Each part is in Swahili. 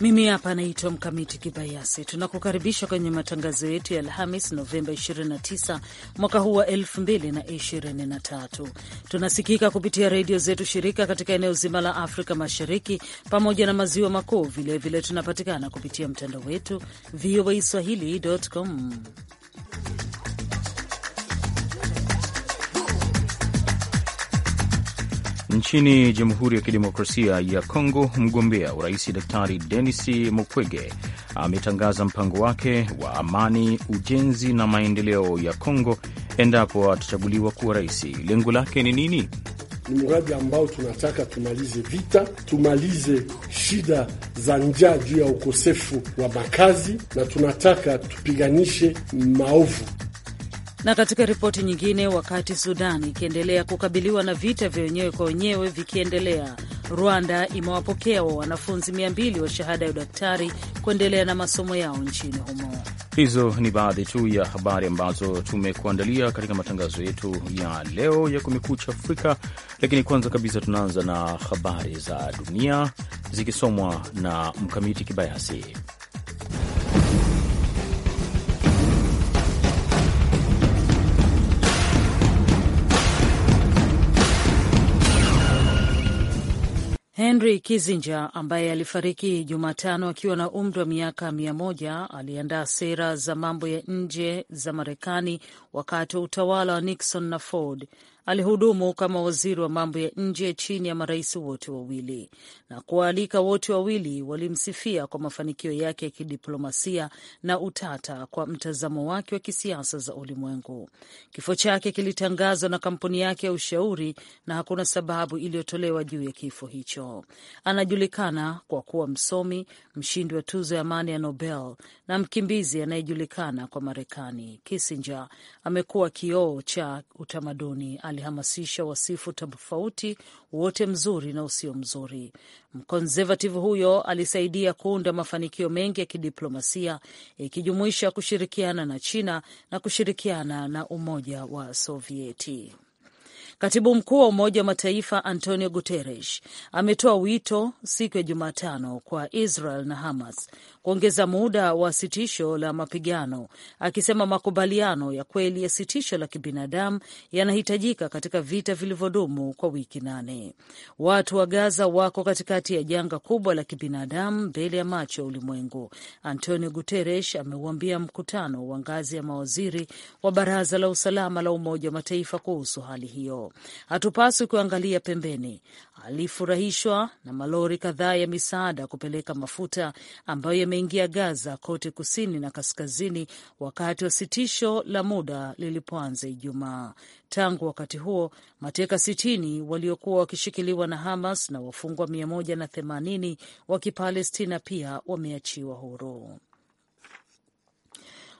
mimi hapa naitwa Mkamiti Kibayasi. Tunakukaribisha kwenye matangazo yetu ya Alhamis, Novemba 29 mwaka huu wa 2023. Tunasikika kupitia redio zetu shirika katika eneo zima la Afrika Mashariki pamoja na maziwa Makuu. Vilevile tunapatikana kupitia mtandao wetu voa swahili.com. Nchini Jamhuri ya Kidemokrasia ya Kongo, mgombea urais Daktari Denis Mukwege ametangaza mpango wake wa amani, ujenzi na maendeleo ya Kongo endapo atachaguliwa kuwa rais. Lengo lake ni nini? Ni mradi ambao tunataka tumalize vita, tumalize shida za njaa juu ya ukosefu wa makazi, na tunataka tupiganishe maovu. Na katika ripoti nyingine, wakati Sudan ikiendelea kukabiliwa na vita vya wenyewe kwa wenyewe vikiendelea, Rwanda imewapokea wa wanafunzi 200 wa shahada ya udaktari kuendelea na masomo yao nchini humo. Hizo ni baadhi tu ya habari ambazo tumekuandalia katika matangazo yetu ya leo ya Kumekucha Afrika, lakini kwanza kabisa tunaanza na habari za dunia zikisomwa na Mkamiti Kibayasi. Henry Kissinger ambaye alifariki Jumatano akiwa na umri wa miaka mia moja aliandaa sera za mambo ya nje za Marekani wakati wa utawala wa Nixon na Ford alihudumu kama waziri wa mambo ya nje chini ya marais wote wawili, na kuwaalika wote wawili walimsifia kwa mafanikio yake ya kidiplomasia na utata kwa mtazamo wake wa kisiasa za ulimwengu. Kifo chake kilitangazwa na kampuni yake ya ushauri na hakuna sababu iliyotolewa juu ya kifo hicho. Anajulikana kwa kuwa msomi, mshindi wa tuzo ya amani ya Nobel na mkimbizi anayejulikana kwa Marekani. Kissinger amekuwa kioo cha utamaduni alihamasisha wasifu tofauti, wote mzuri na usio mzuri. Mkonservative huyo alisaidia kuunda mafanikio mengi ya kidiplomasia ikijumuisha kushirikiana na China na kushirikiana na Umoja wa Sovieti. Katibu mkuu wa Umoja wa Mataifa Antonio Guterres ametoa wito siku ya Jumatano kwa Israel na Hamas kuongeza muda wa sitisho la mapigano, akisema makubaliano ya kweli ya sitisho la kibinadamu yanahitajika katika vita vilivyodumu kwa wiki nane. Watu wa Gaza wako katikati ya janga kubwa la kibinadamu mbele ya macho ya ulimwengu, Antonio Guterres ameuambia mkutano wa ngazi ya mawaziri wa Baraza la Usalama la Umoja wa Mataifa kuhusu hali hiyo hatupaswi kuangalia pembeni. Alifurahishwa na malori kadhaa ya misaada kupeleka mafuta ambayo yameingia Gaza kote kusini na kaskazini, wakati wa sitisho la muda lilipoanza Ijumaa. Tangu wakati huo mateka sitini waliokuwa wakishikiliwa na Hamas na wafungwa mia moja na themanini wa Kipalestina pia wameachiwa huru.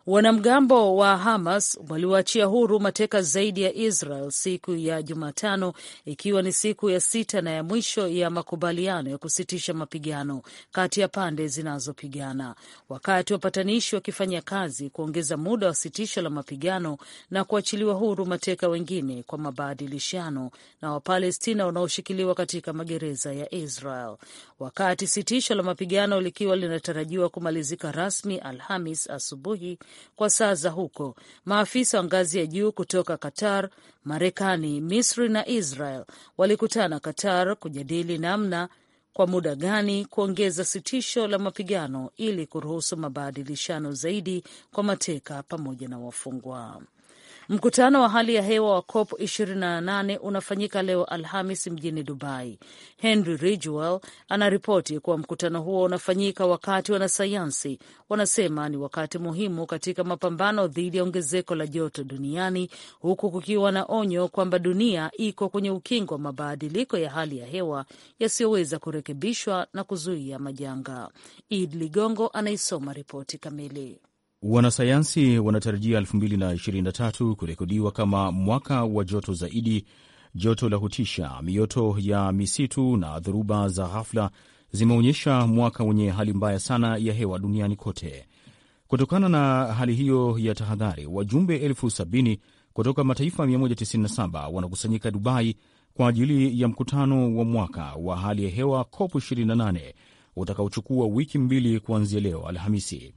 Wanamgambo wa Hamas waliwaachia huru mateka zaidi ya Israel siku ya Jumatano, ikiwa ni siku ya sita na ya mwisho ya makubaliano ya kusitisha mapigano kati ya pande zinazopigana, wakati wapatanishi wakifanya kazi kuongeza muda wa sitisho la mapigano na kuachiliwa huru mateka wengine kwa mabadilishano na Wapalestina wanaoshikiliwa katika magereza ya Israel, wakati sitisho la mapigano likiwa linatarajiwa kumalizika rasmi Alhamis asubuhi kwa saa za huko, maafisa wa ngazi ya juu kutoka Qatar, Marekani, Misri na Israel walikutana Qatar kujadili namna kwa muda gani kuongeza sitisho la mapigano ili kuruhusu mabadilishano zaidi kwa mateka pamoja na wafungwa. Mkutano wa hali ya hewa wa COP 28 unafanyika leo Alhamis mjini Dubai. Henry Ridgewell anaripoti kuwa mkutano huo unafanyika wakati wanasayansi wanasema ni wakati muhimu katika mapambano dhidi ya ongezeko la joto duniani, huku kukiwa na onyo kwamba dunia iko kwenye ukingo wa mabadiliko ya hali ya hewa yasiyoweza kurekebishwa na kuzuia majanga. Id Ligongo anaisoma ripoti kamili. Wanasayansi wanatarajia 2023 kurekodiwa kama mwaka wa joto zaidi, joto la kutisha, mioto ya misitu na dhoruba za ghafla zimeonyesha mwaka wenye hali mbaya sana ya hewa duniani kote. Kutokana na hali hiyo ya tahadhari, wajumbe elfu sabini kutoka mataifa 197 wanakusanyika Dubai kwa ajili ya mkutano wa mwaka wa hali ya hewa COP 28 utakaochukua wiki mbili kuanzia leo Alhamisi.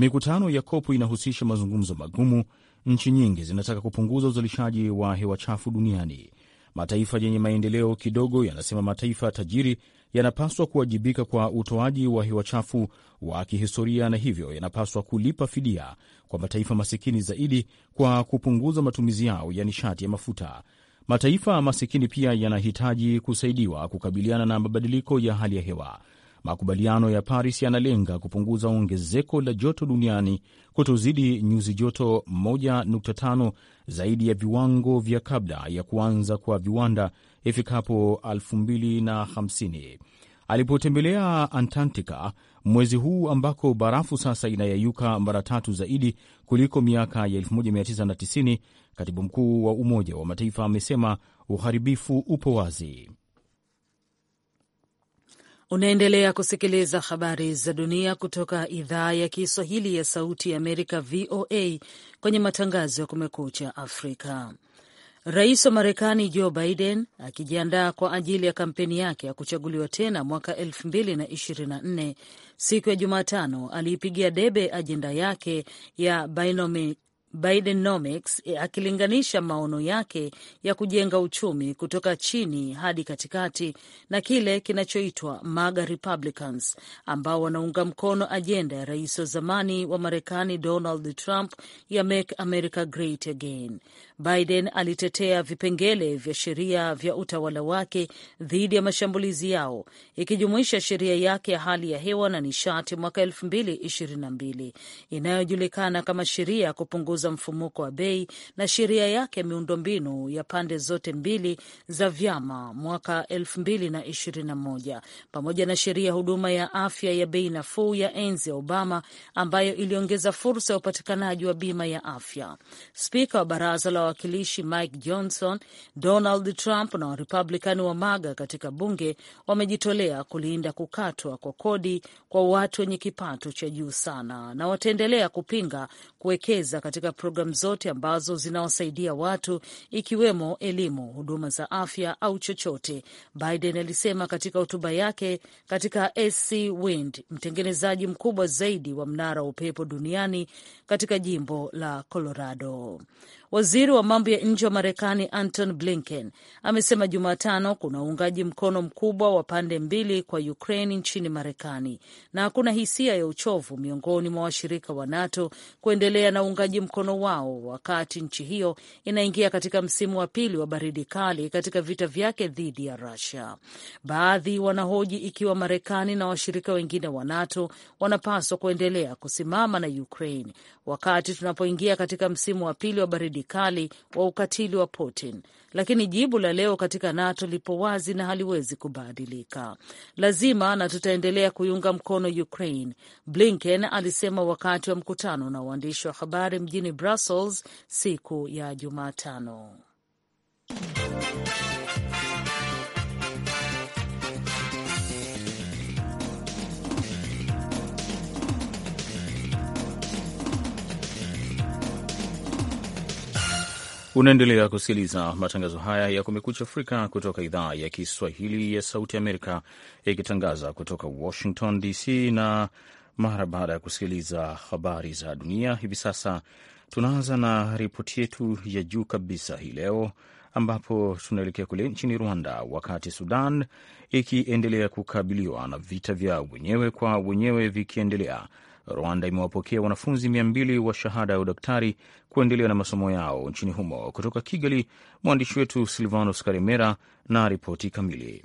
Mikutano ya COP inahusisha mazungumzo magumu. Nchi nyingi zinataka kupunguza uzalishaji wa hewa chafu duniani. Mataifa yenye maendeleo kidogo yanasema mataifa tajiri yanapaswa kuwajibika kwa utoaji wa hewa chafu wa kihistoria, na hivyo yanapaswa kulipa fidia kwa mataifa masikini zaidi kwa kupunguza matumizi yao ya nishati ya mafuta. Mataifa masikini pia yanahitaji kusaidiwa kukabiliana na mabadiliko ya hali ya hewa. Makubaliano ya Paris yanalenga kupunguza ongezeko la joto duniani kutozidi nyuzi joto 1.5 zaidi ya viwango vya kabla ya kuanza kwa viwanda ifikapo 2050. Alipotembelea Antarctica mwezi huu ambako barafu sasa inayayuka mara tatu zaidi kuliko miaka ya 1990, katibu mkuu wa Umoja wa Mataifa amesema uharibifu upo wazi. Unaendelea kusikiliza habari za dunia kutoka idhaa ya Kiswahili ya Sauti ya Amerika, VOA, kwenye matangazo ya Kumekucha Afrika. Rais wa Marekani Joe Biden akijiandaa kwa ajili ya kampeni yake ya kuchaguliwa tena mwaka 2024 siku ya Jumatano aliipigia debe ajenda yake ya Binomic Bidenomics eh, akilinganisha maono yake ya kujenga uchumi kutoka chini hadi katikati na kile kinachoitwa MAGA Republicans ambao wanaunga mkono ajenda ya rais wa zamani wa Marekani Donald Trump ya Make America Great Again. Biden alitetea vipengele vya sheria vya utawala wake dhidi ya mashambulizi yao ikijumuisha sheria yake ya hali ya hewa na nishati mwaka 2022 inayojulikana kama sheria ya kupunguza kupunguza mfumuko wa bei na sheria yake ya miundombinu ya pande zote mbili za vyama mwaka 2021 pamoja na sheria ya huduma ya afya ya bei nafuu ya enzi ya Obama ambayo iliongeza fursa ya upatikanaji wa bima ya afya. Spika wa baraza la wawakilishi Mike Johnson, Donald Trump na Warepublikani wa MAGA katika bunge wamejitolea kulinda kukatwa kwa kodi kwa watu wenye kipato cha juu sana na wataendelea kupinga kuwekeza katika katika programu zote ambazo zinawasaidia watu ikiwemo elimu, huduma za afya au chochote, Biden alisema katika hotuba yake katika SC Wind, mtengenezaji mkubwa zaidi wa mnara wa upepo duniani katika jimbo la Colorado. Waziri wa mambo ya nje wa Marekani Anton Blinken amesema Jumatano kuna uungaji mkono mkubwa wa pande mbili kwa Ukraine nchini Marekani na hakuna hisia ya uchovu miongoni mwa washirika wa NATO kuendelea na uungaji mkono wao wakati nchi hiyo inaingia katika msimu wa pili wa baridi kali katika vita vyake dhidi ya rusia Baadhi wanahoji ikiwa Marekani na washirika wengine wa NATO wanapaswa kuendelea kusimama na Ukraine wakati tunapoingia katika msimu wa pili wa baridi ukosoaji kali wa ukatili wa Putin, lakini jibu la leo katika NATO lipo wazi na haliwezi kubadilika. Lazima na tutaendelea kuiunga mkono Ukraine, Blinken alisema wakati wa mkutano na waandishi wa habari mjini Brussels siku ya Jumatano. Unaendelea kusikiliza matangazo haya ya Kumekucha Afrika kutoka idhaa ya Kiswahili ya Sauti Amerika, ikitangaza kutoka Washington DC. Na mara baada ya kusikiliza habari za dunia, hivi sasa tunaanza na ripoti yetu ya juu kabisa hii leo, ambapo tunaelekea kule nchini Rwanda, wakati Sudan ikiendelea kukabiliwa na vita vya wenyewe kwa wenyewe vikiendelea Rwanda imewapokea wanafunzi mia mbili wa shahada ya udaktari kuendelea na masomo yao nchini humo. Kutoka Kigali, mwandishi wetu Silvanos Karimera na ripoti kamili.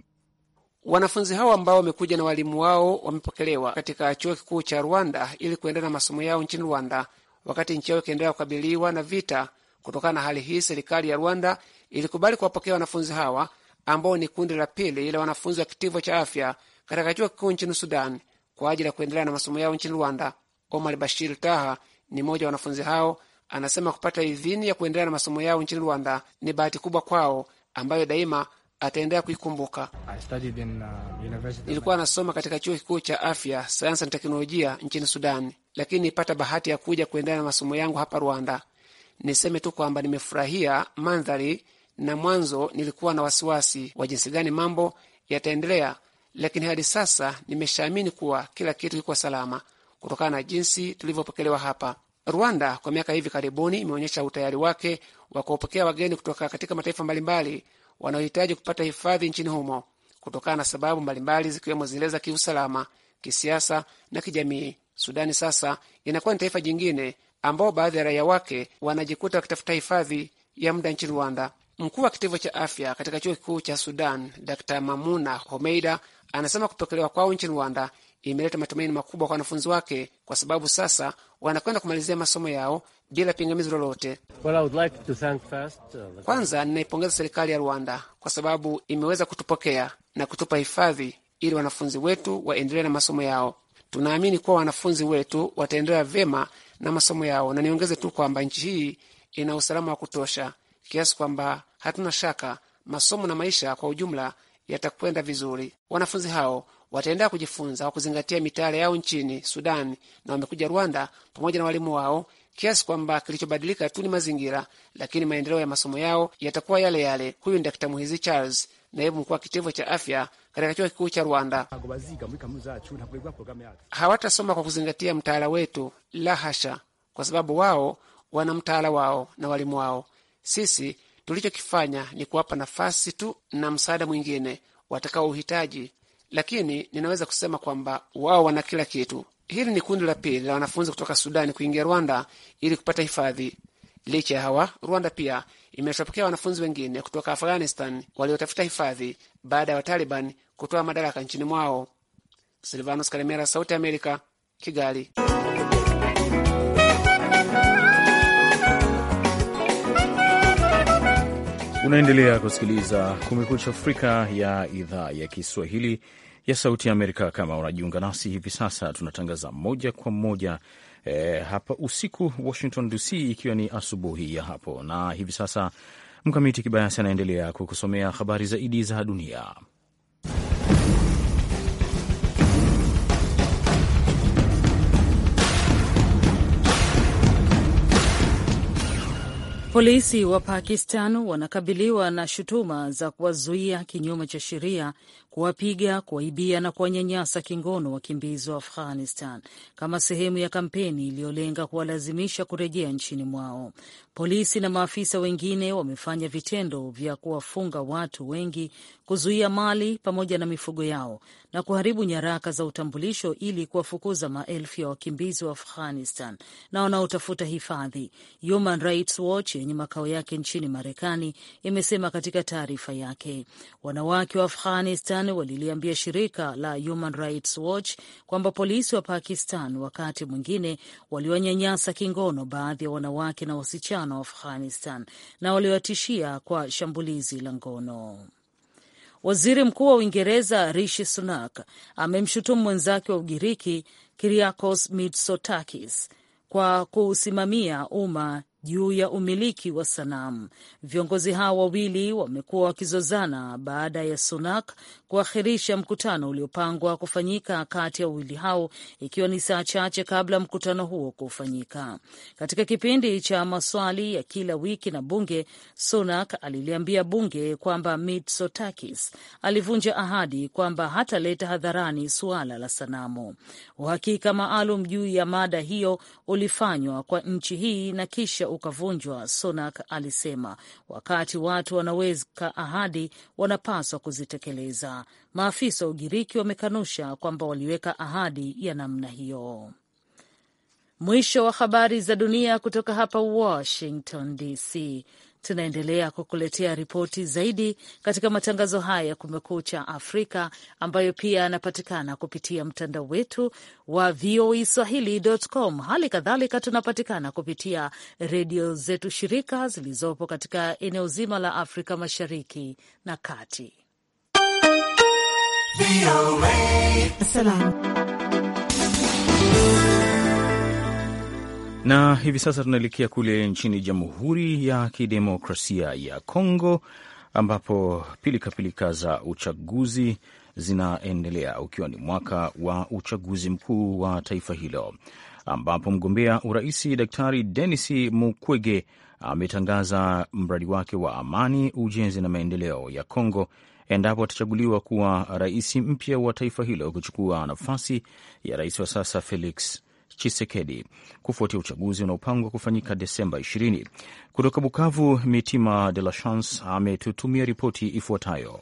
Wanafunzi hao ambao wamekuja na walimu wao wamepokelewa katika chuo kikuu cha Rwanda ili kuendelea na masomo yao nchini Rwanda, wakati nchi yao ikiendelea kukabiliwa na vita. Kutokana na hali hii, serikali ya Rwanda ilikubali kuwapokea wanafunzi hawa ambao ni kundi la pili la wanafunzi wa kitivo cha afya katika chuo kikuu nchini Sudan kwa ajili ya kuendelea na masomo yao nchini Rwanda. Omar Bashir Taha ni mmoja wa wanafunzi hao, anasema kupata idhini ya kuendelea na masomo yao nchini Rwanda ni bahati kubwa kwao ambayo daima ataendelea kuikumbuka. Uh, nilikuwa nasoma katika chuo kikuu cha afya, sayansi na teknolojia nchini Sudan, lakini nipata bahati ya kuja kuendelea na masomo yangu hapa Rwanda. Niseme tu kwamba nimefurahia mandhari, na mwanzo nilikuwa na wasiwasi wa jinsi gani mambo yataendelea, lakini hadi sasa nimeshaamini kuwa kila kitu kiko salama kutokana na jinsi tulivyopokelewa hapa. Rwanda kwa miaka hivi karibuni imeonyesha utayari wake wa kuwapokea wageni kutoka katika mataifa mbalimbali wanaohitaji kupata hifadhi nchini humo kutokana na sababu mbalimbali zikiwemo zile za kiusalama, kisiasa na kijamii. Sudani sasa inakuwa ni taifa jingine ambao baadhi ya raia wake wanajikuta wakitafuta hifadhi ya muda nchini Rwanda. Mkuu wa kitivo cha afya katika chuo kikuu cha Sudan, Dr Mamuna Homeida Anasema kupokelewa kwao nchini Rwanda imeleta matumaini makubwa kwa wanafunzi wake, kwa sababu sasa wanakwenda kumalizia masomo yao bila pingamizi lolote. Well, like uh, kwanza ninaipongeza serikali ya Rwanda kwa sababu imeweza kutupokea na kutupa hifadhi ili wanafunzi wetu waendelee na masomo yao. Tunaamini kuwa wanafunzi wetu wataendelea vyema na masomo yao, na niongeze tu kwamba nchi hii ina usalama wa kutosha kiasi kwamba hatuna shaka masomo na maisha kwa ujumla yatakwenda vizuri. Wanafunzi hao wataendelea kujifunza kwa kuzingatia mitaala yao nchini Sudani na wamekuja Rwanda pamoja na walimu wao, kiasi kwamba kilichobadilika tu ni mazingira, lakini maendeleo ya masomo yao yatakuwa yale yale. Huyu ni Muhizi Charles, naibu mkuu wa kitivo cha afya katika chuo kikuu cha Rwanda. Hawatasoma kwa kuzingatia mtaala wetu, la hasha, kwa sababu wao wana mtaala wao na walimu wao. Sisi Tulichokifanya ni kuwapa nafasi tu na msaada mwingine uhitaji lakini ninaweza kusema kwamba wao wana kila kitu. Hili ni kundi la pili la wanafunzi kutoka Sudani kuingia Rwanda ili kupata hifadhi. Licha ya hawa, Rwanda pia imeshapokea wanafunzi wengine kutoka Afghanistan waliotafuta hifadhi baada ya Wataliban kutoa madaraka nchini mwao. Silvanos Kalemera, Sauti ya Amerika, Kigali. Unaendelea kusikiliza Kumekucha Afrika ya idhaa ya Kiswahili ya Sauti ya Amerika. Kama unajiunga nasi hivi sasa, tunatangaza moja kwa moja e, hapa usiku Washington DC, ikiwa ni asubuhi ya hapo, na hivi sasa Mkamiti Kibayasi anaendelea kukusomea habari zaidi za dunia. Polisi wa Pakistan wanakabiliwa na shutuma za kuwazuia kinyume cha sheria, kuwapiga, kuwaibia na kuwanyanyasa kingono wakimbizi wa Afghanistan kama sehemu ya kampeni iliyolenga kuwalazimisha kurejea nchini mwao. Polisi na maafisa wengine wamefanya vitendo vya kuwafunga watu wengi kuzuia mali pamoja na mifugo yao na kuharibu nyaraka za utambulisho ili kuwafukuza maelfu ya wakimbizi wa Afghanistan na wanaotafuta hifadhi. Human Rights Watch yenye makao yake nchini Marekani imesema katika taarifa yake, wanawake wa Afghanistan waliliambia shirika la Human Rights Watch kwamba polisi wa Pakistan wakati mwingine waliwanyanyasa kingono baadhi ya wanawake na wasichana wa Afghanistan na waliwatishia kwa shambulizi la ngono. Waziri Mkuu wa Uingereza Rishi Sunak amemshutumu mwenzake wa Ugiriki kiriakos Mitsotakis kwa kuusimamia umma juu ya umiliki wa sanamu. Viongozi hao wawili wamekuwa wakizozana baada ya Sunak kuahirisha mkutano uliopangwa kufanyika kati ya wawili hao, ikiwa ni saa chache kabla mkutano huo kufanyika. Katika kipindi cha maswali ya kila wiki na bunge, Sunak aliliambia bunge kwamba Mitsotakis alivunja ahadi kwamba hataleta hadharani suala la sanamu. Uhakika maalum juu ya mada hiyo ulifanywa kwa nchi hii na kisha ukavunjwa, Sunak alisema. Wakati watu wanaweka ahadi, wanapaswa kuzitekeleza. Maafisa wa Ugiriki wamekanusha kwamba waliweka ahadi ya namna hiyo. Mwisho wa habari za dunia kutoka hapa Washington DC tunaendelea kukuletea ripoti zaidi katika matangazo haya ya Kumekucha Afrika, ambayo pia yanapatikana kupitia mtandao wetu wa VOA e Swahili.com. Hali kadhalika tunapatikana kupitia redio zetu shirika zilizopo katika eneo zima la Afrika Mashariki na Kati. Na hivi sasa tunaelekea kule nchini Jamhuri ya Kidemokrasia ya Kongo ambapo pilikapilika za uchaguzi zinaendelea ukiwa ni mwaka wa uchaguzi mkuu wa taifa hilo ambapo mgombea urais Daktari Denis Mukwege ametangaza mradi wake wa amani, ujenzi na maendeleo ya Kongo endapo atachaguliwa kuwa rais mpya wa taifa hilo, kuchukua nafasi ya rais wa sasa Felix Chisekedi kufuatia uchaguzi unaopangwa kufanyika Desemba 20. Kutoka Bukavu, Mitima De La Chance ametutumia ripoti ifuatayo.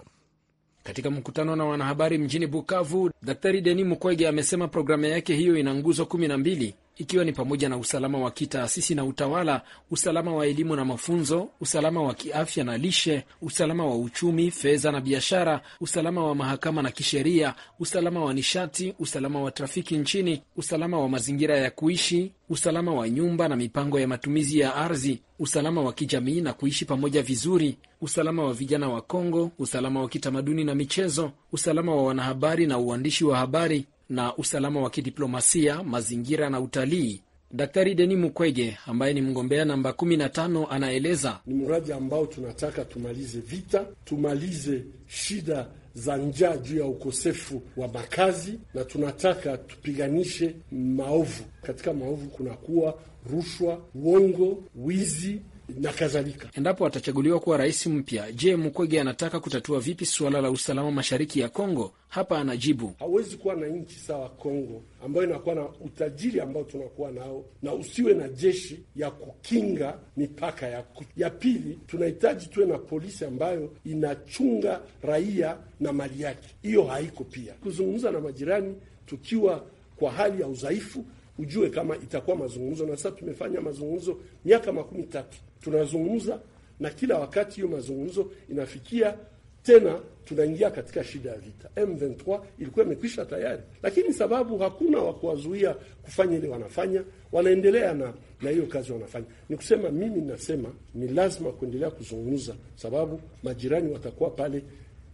Katika mkutano na wanahabari mjini Bukavu, Daktari Denis Mukwege amesema programu yake hiyo ina nguzo kumi na mbili ikiwa ni pamoja na usalama wa kitaasisi na utawala, usalama wa elimu na mafunzo, usalama wa kiafya na lishe, usalama wa uchumi, fedha na biashara, usalama wa mahakama na kisheria, usalama wa nishati, usalama wa trafiki nchini, usalama wa mazingira ya kuishi, usalama wa nyumba na mipango ya matumizi ya ardhi, usalama wa kijamii na kuishi pamoja vizuri, usalama wa vijana wa Kongo, usalama wa kitamaduni na michezo, usalama wa wanahabari na uandishi wa habari na usalama wa kidiplomasia, mazingira na utalii. Daktari Deni Mukwege ambaye ni mgombea namba 15 anaeleza ni mradi ambao tunataka tumalize vita, tumalize shida za njaa juu ya ukosefu wa makazi, na tunataka tupiganishe maovu. Katika maovu kunakuwa rushwa, uongo, wizi na kadhalika. Endapo atachaguliwa kuwa rais mpya, je, Mukwege anataka kutatua vipi suala la usalama mashariki ya Kongo? Hapa anajibu, hawezi kuwa na nchi sawa Kongo ambayo inakuwa na utajiri ambao tunakuwa nao, na usiwe na jeshi ya kukinga mipaka yako. Ya pili, tunahitaji tuwe na polisi ambayo inachunga raia na mali yake, hiyo haiko. Pia kuzungumza na majirani tukiwa kwa hali ya udhaifu ujue kama itakuwa mazungumzo. Na sasa tumefanya mazungumzo miaka makumi tatu tunazungumza, na kila wakati hiyo mazungumzo inafikia tena tunaingia katika shida ya vita. M23 ilikuwa imekwisha tayari, lakini sababu hakuna wa kuwazuia kufanya ile wanafanya, wanaendelea na na hiyo kazi wanafanya. Ni kusema mimi nasema ni lazima kuendelea kuzungumza, sababu majirani watakuwa pale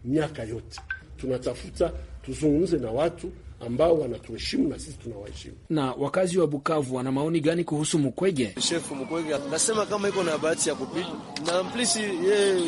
miaka yote. Tunatafuta tuzungumze na watu ambao wanatuheshimu na sisi tunawaheshimu. Na wakazi wa Bukavu wana maoni gani kuhusu Mukwege? Shefu Mukwege nasema kama iko na bahati ya kupita na mplisi, yeye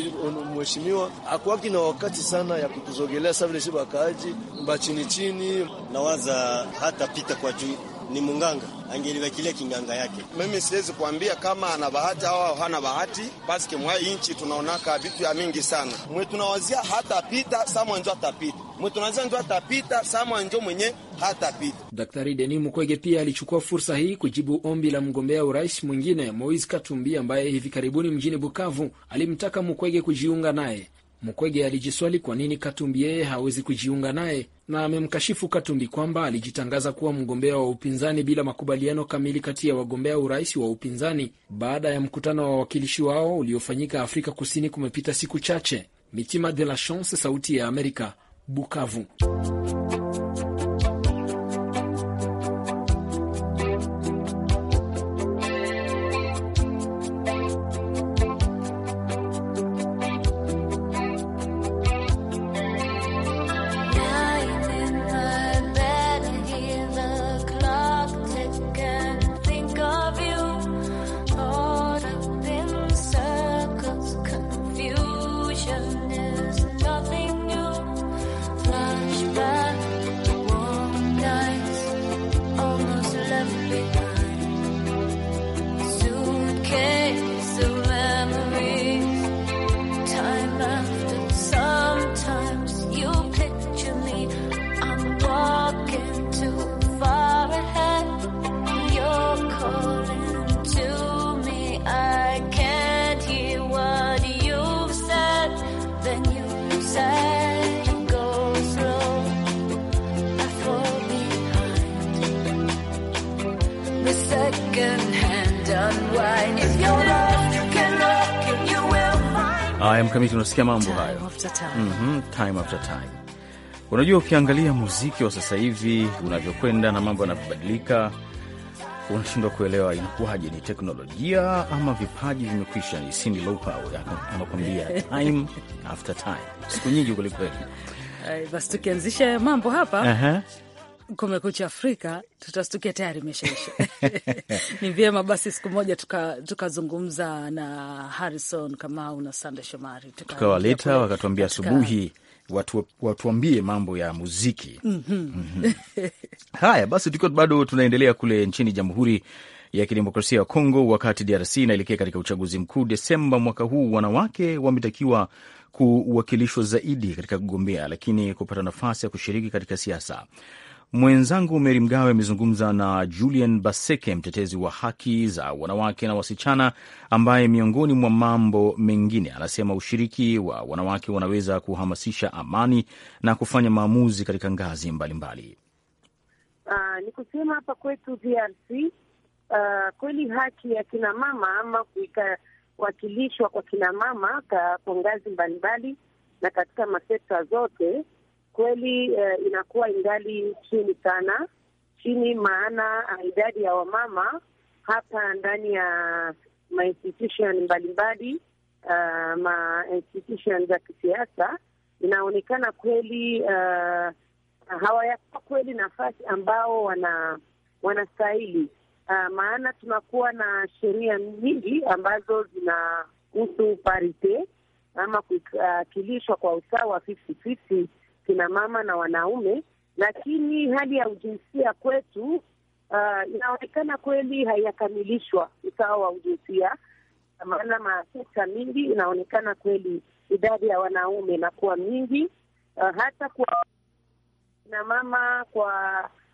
mheshimiwa akuaki na wakati sana ya kutuzogelea sa vile wakaaji bakaaji bachinichini, nawaza hata pita kwa juu ni munganga angeliwekilia kinganga yake. Mimi siwezi kuambia kama ana bahati au hana bahati, paske mwa inchi tunaonaka vitu ya mingi sana. Mwe tunawazia hatapita, samwa njo atapita, mwe tunawazia njo atapita, samwa njo mwenye hatapita. Daktari Denis Mukwege pia alichukua fursa hii kujibu ombi la mgombea urais mwingine Moise Katumbi ambaye hivi karibuni mjini Bukavu alimtaka Mukwege kujiunga naye mkwege alijiswali kwa nini Katumbi yeye hawezi kujiunga naye, na amemkashifu Katumbi kwamba alijitangaza kuwa mgombea wa upinzani bila makubaliano kamili kati ya wagombea urais wa upinzani baada ya mkutano wa wawakilishi wao uliofanyika Afrika Kusini kumepita siku chache. Mitima de la Chance, Sauti ya Amerika, Bukavu. Mkamiti, unasikia mambo hayo mhm, time after time. Unajua, ukiangalia muziki wa sasa hivi unavyokwenda na mambo yanavyobadilika, unashindwa kuelewa inakuwaje, ni teknolojia ama vipaji vimekwisha? Ni Cyndi Lauper anakuambia time after time, siku nyingi kwelikweli. Basi tukianzisha mambo hapa uh -huh. Kumekucha Afrika tutastukia tayari imeshaisha. Ni vyema basi siku moja tukazungumza tuka na Harrison Kamau na Sande Shomari tukawaleta tuka wakatuambia asubuhi watu, watuambie mambo ya muziki mm -hmm. Mm -hmm. Haya basi, tukiwa bado tunaendelea kule nchini Jamhuri ya Kidemokrasia ya Kongo, wakati DRC inaelekea katika uchaguzi mkuu Desemba mwaka huu, wanawake wametakiwa kuwakilishwa zaidi katika kugombea, lakini kupata nafasi ya kushiriki katika siasa. Mwenzangu Meri Mgawe amezungumza na Julian Baseke, mtetezi wa haki za wanawake na wasichana, ambaye miongoni mwa mambo mengine anasema ushiriki wa wanawake wanaweza kuhamasisha amani na kufanya maamuzi katika ngazi mbalimbali. Uh, ni kusema hapa kwetu DRC, uh, ah, kweli haki ya kina mama ama kuikawakilishwa kwa kina mama kwa ngazi mbalimbali na katika masekta zote kweli uh, inakuwa ingali chini sana chini, maana ah, idadi ya wamama hapa ndani ya mainstitution mbalimbali uh, mainstitution za kisiasa inaonekana kweli uh, hawayakuwa kweli nafasi ambao wana wanastahili uh, maana tunakuwa na sheria nyingi ambazo zinahusu parite ama kuwakilishwa uh, kwa usawa fifty fifty kina mama na wanaume, lakini hali ya ujinsia kwetu uh, inaonekana kweli haiyakamilishwa usawa wa ujinsia, maana masekta mingi inaonekana kweli idadi ya wanaume inakuwa mingi, uh, hata kwa kina mama kwa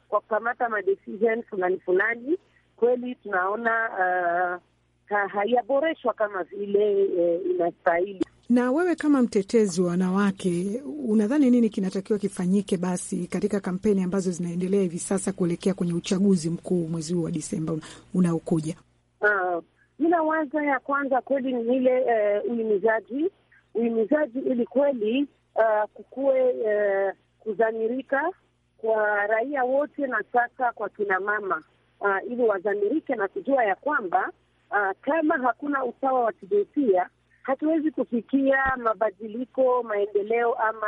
kwa kukamata madecision fulani fulani, kweli tunaona uh, haiyaboreshwa kama vile eh, inastahili. Na wewe kama mtetezi wa wanawake, unadhani nini kinatakiwa kifanyike basi katika kampeni ambazo zinaendelea hivi sasa kuelekea kwenye uchaguzi mkuu mwezi huu wa Disemba unaokuja? Uh, ah, waza ya kwanza kweli ni ile uh, uhimizaji uhimizaji, ili kweli uh, ah, kukuwe uh, eh, kudhamirika kwa raia wote na sasa kwa kina mama uh, ili wadhamirike na kujua ya kwamba uh, kama hakuna usawa wa kijinsia hatuwezi kufikia mabadiliko, maendeleo ama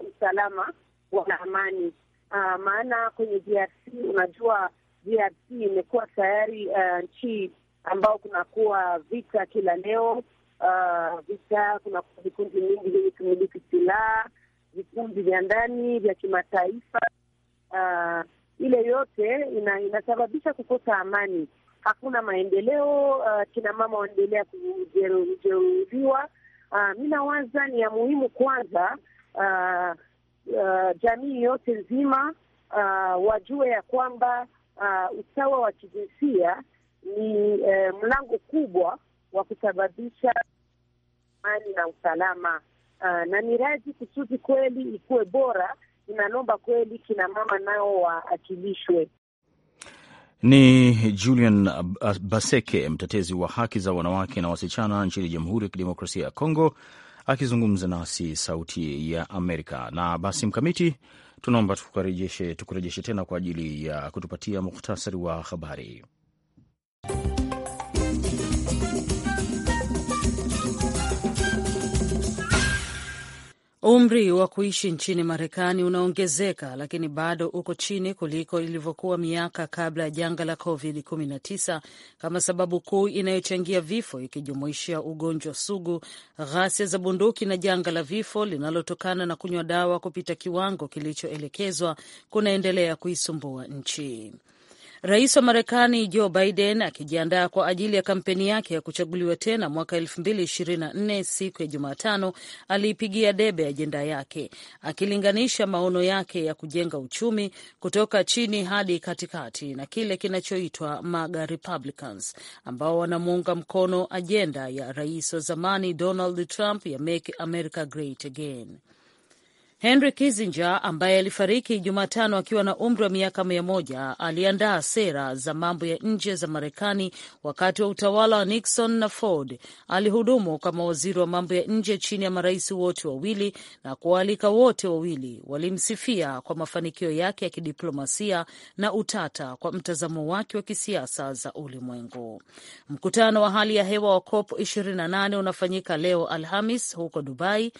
uh, usalama wa amani uh, maana kwenye DRC unajua DRC imekuwa tayari uh, nchi ambao kunakuwa vita kila leo uh, vita, kuna vikundi mingi vyenye kumiliki silaha, vikundi vya ndani vya kimataifa uh, ile yote ina, inasababisha kukosa amani hakuna maendeleo. Uh, kina mama wanaendelea kujeruhiwa. Uh, mi nawaza ni ya muhimu kwanza, uh, uh, jamii yote nzima uh, wajue ya kwamba uh, usawa wa kijinsia ni uh, mlango kubwa wa kusababisha amani na usalama. Uh, na miradi kusudi kweli ikuwe bora, inalomba kweli kina mama nao waakilishwe ni Julian Baseke, mtetezi wa haki za wanawake na wasichana nchini Jamhuri ya Kidemokrasia ya Kongo, akizungumza nasi Sauti ya Amerika. Na basi, Mkamiti, tunaomba tukurejeshe tena kwa ajili ya kutupatia muhtasari wa habari. Umri wa kuishi nchini Marekani unaongezeka lakini bado uko chini kuliko ilivyokuwa miaka kabla ya janga la COVID-19 kama sababu kuu inayochangia vifo, ikijumuisha ugonjwa sugu, ghasia za bunduki na janga la vifo linalotokana na kunywa dawa kupita kiwango kilichoelekezwa kunaendelea kuisumbua nchi. Rais wa Marekani Joe Biden akijiandaa kwa ajili ya kampeni yake ya kuchaguliwa tena mwaka 2024 siku ya Jumatano aliipigia debe ajenda yake, akilinganisha maono yake ya kujenga uchumi kutoka chini hadi katikati na kile kinachoitwa MAGA Republicans ambao wanamuunga mkono ajenda ya rais wa zamani Donald Trump ya Make America Great Again. Henry Kissinger ambaye alifariki Jumatano akiwa na umri wa miaka mia moja aliandaa sera za mambo ya nje za Marekani wakati wa utawala wa Nixon na Ford. Alihudumu kama waziri wa mambo ya nje chini ya marais wote wawili, na kuwaalika wote wawili walimsifia kwa mafanikio yake ya kidiplomasia na utata kwa mtazamo wake wa kisiasa za ulimwengu. Mkutano wa hali ya hewa wa COP 28 unafanyika leo Alhamis huko Dubai.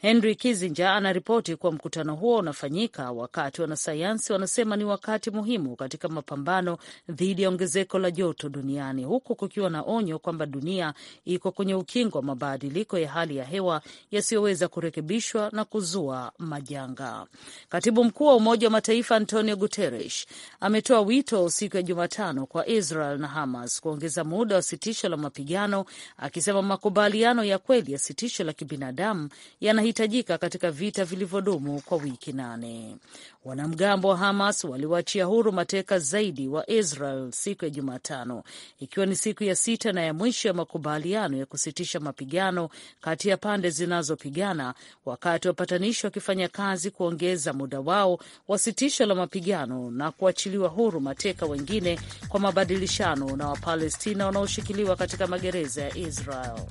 Henry Kissinger anaripoti kuwa mkutano huo unafanyika wakati wanasayansi wanasema ni wakati muhimu katika mapambano dhidi ya ongezeko la joto duniani, huku kukiwa na onyo kwamba dunia iko kwenye ukingo wa mabadiliko ya hali ya hewa yasiyoweza kurekebishwa na kuzua majanga. Katibu mkuu wa Umoja wa Mataifa Antonio Guterres ametoa wito siku ya Jumatano kwa Israel na Hamas kuongeza muda wa sitisho la mapigano, akisema makubaliano ya kweli ya sitisho la kibinadamu yana wanahitajika katika vita vilivyodumu kwa wiki nane. Wanamgambo wa Hamas waliwaachia huru mateka zaidi wa Israel siku ya Jumatano, ikiwa ni siku ya sita na ya mwisho ya makubaliano ya kusitisha mapigano kati ya pande zinazopigana, wakati wapatanishi wakifanya kazi kuongeza muda wao wa sitisho la mapigano na kuachiliwa huru mateka wengine kwa mabadilishano na Wapalestina wanaoshikiliwa katika magereza ya Israel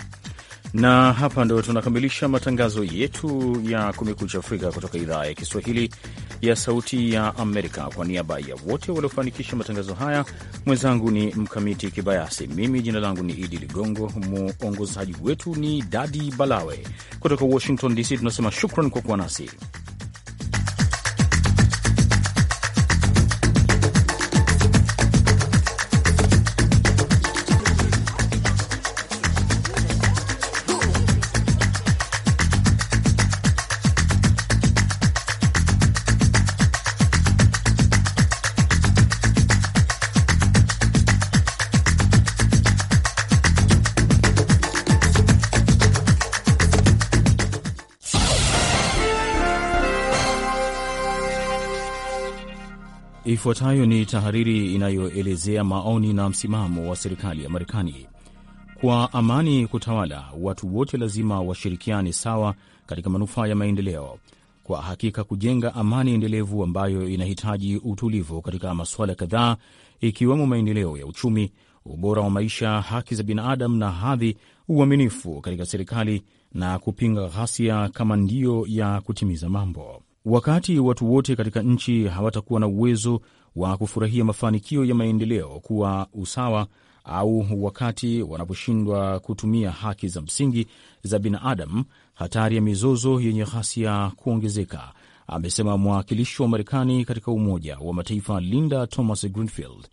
na hapa ndo tunakamilisha matangazo yetu ya Kumekucha Afrika kutoka idhaa ya Kiswahili ya Sauti ya Amerika. Kwa niaba ya wote waliofanikisha matangazo haya, mwenzangu ni Mkamiti Kibayasi, mimi jina langu ni Idi Ligongo, mwongozaji wetu ni Dadi Balawe. Kutoka Washington DC tunasema shukran kwa kuwa nasi. Ifuatayo ni tahariri inayoelezea maoni na msimamo wa serikali ya Marekani. Kwa amani kutawala, watu wote lazima washirikiane sawa katika manufaa ya maendeleo. Kwa hakika, kujenga amani endelevu ambayo inahitaji utulivu katika masuala kadhaa, ikiwemo maendeleo ya uchumi, ubora wa maisha, haki za binadamu na hadhi, uaminifu katika serikali na kupinga ghasia kama ndio ya kutimiza mambo. Wakati watu wote katika nchi hawatakuwa na uwezo wa kufurahia mafanikio ya maendeleo kuwa usawa au wakati wanaposhindwa kutumia haki za msingi za binadamu, hatari ya mizozo yenye ghasia kuongezeka, amesema mwakilishi wa Marekani katika Umoja wa Mataifa Linda Thomas Greenfield.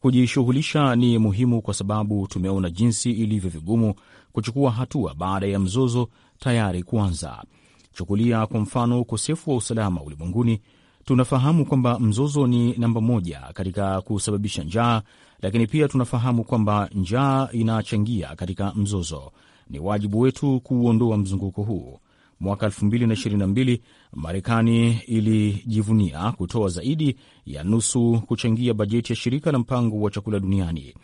Kujishughulisha ni muhimu kwa sababu tumeona jinsi ilivyo vigumu kuchukua hatua baada ya mzozo tayari kuanza. Chukulia kwa mfano ukosefu wa usalama ulimwenguni Tunafahamu kwamba mzozo ni namba moja katika kusababisha njaa, lakini pia tunafahamu kwamba njaa inachangia katika mzozo. Ni wajibu wetu kuuondoa mzunguko huu. Mwaka 2022 Marekani ilijivunia kutoa zaidi ya nusu kuchangia bajeti ya shirika la mpango wa chakula duniani.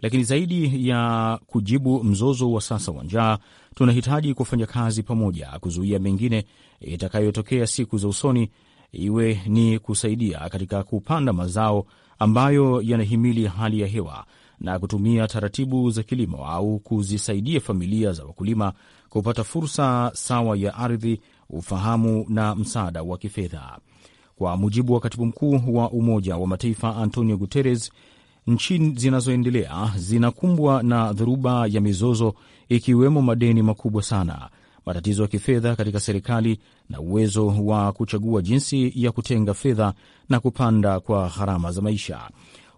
Lakini zaidi ya kujibu mzozo wa sasa wa njaa, tunahitaji kufanya kazi pamoja kuzuia mengine itakayotokea siku za usoni iwe ni kusaidia katika kupanda mazao ambayo yanahimili hali ya hewa na kutumia taratibu za kilimo au kuzisaidia familia za wakulima kupata fursa sawa ya ardhi, ufahamu na msaada wa kifedha. Kwa mujibu wa katibu mkuu wa Umoja wa Mataifa Antonio Guterres, nchi zinazoendelea zinakumbwa na dhoruba ya mizozo, ikiwemo madeni makubwa sana matatizo ya kifedha katika serikali na uwezo wa kuchagua jinsi ya kutenga fedha na kupanda kwa gharama za maisha.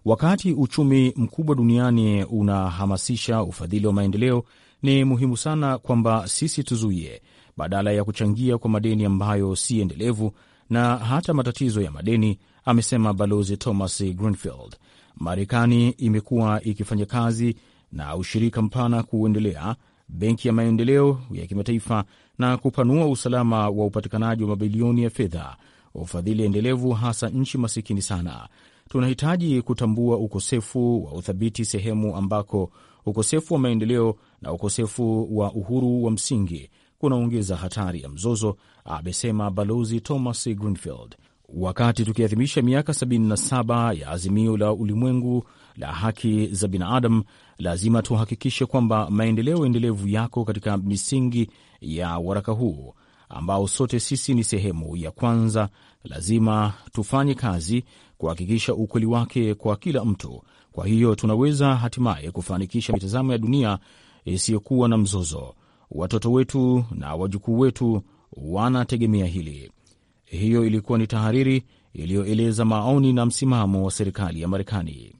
Wakati uchumi mkubwa duniani unahamasisha ufadhili wa maendeleo, ni muhimu sana kwamba sisi tuzuie, badala ya kuchangia kwa madeni ambayo si endelevu na hata matatizo ya madeni, amesema Balozi Thomas Greenfield. Marekani imekuwa ikifanya kazi na ushirika mpana kuendelea benki ya maendeleo ya kimataifa na kupanua usalama wa upatikanaji wa mabilioni ya fedha, ufadhili endelevu, hasa nchi masikini sana. Tunahitaji kutambua ukosefu wa uthabiti sehemu ambako ukosefu wa maendeleo na ukosefu wa uhuru wa msingi kunaongeza hatari ya mzozo, amesema Balozi Thomas Greenfield wakati tukiadhimisha miaka 77 ya azimio la ulimwengu la haki za binadamu Lazima tuhakikishe kwamba maendeleo endelevu yako katika misingi ya waraka huu ambao sote sisi ni sehemu ya kwanza. Lazima tufanye kazi kuhakikisha ukweli wake kwa kila mtu. Kwa hiyo tunaweza hatimaye kufanikisha mitazamo ya dunia isiyokuwa na mzozo. Watoto wetu na wajukuu wetu wanategemea hili. Hiyo ilikuwa ni tahariri iliyoeleza maoni na msimamo wa serikali ya Marekani.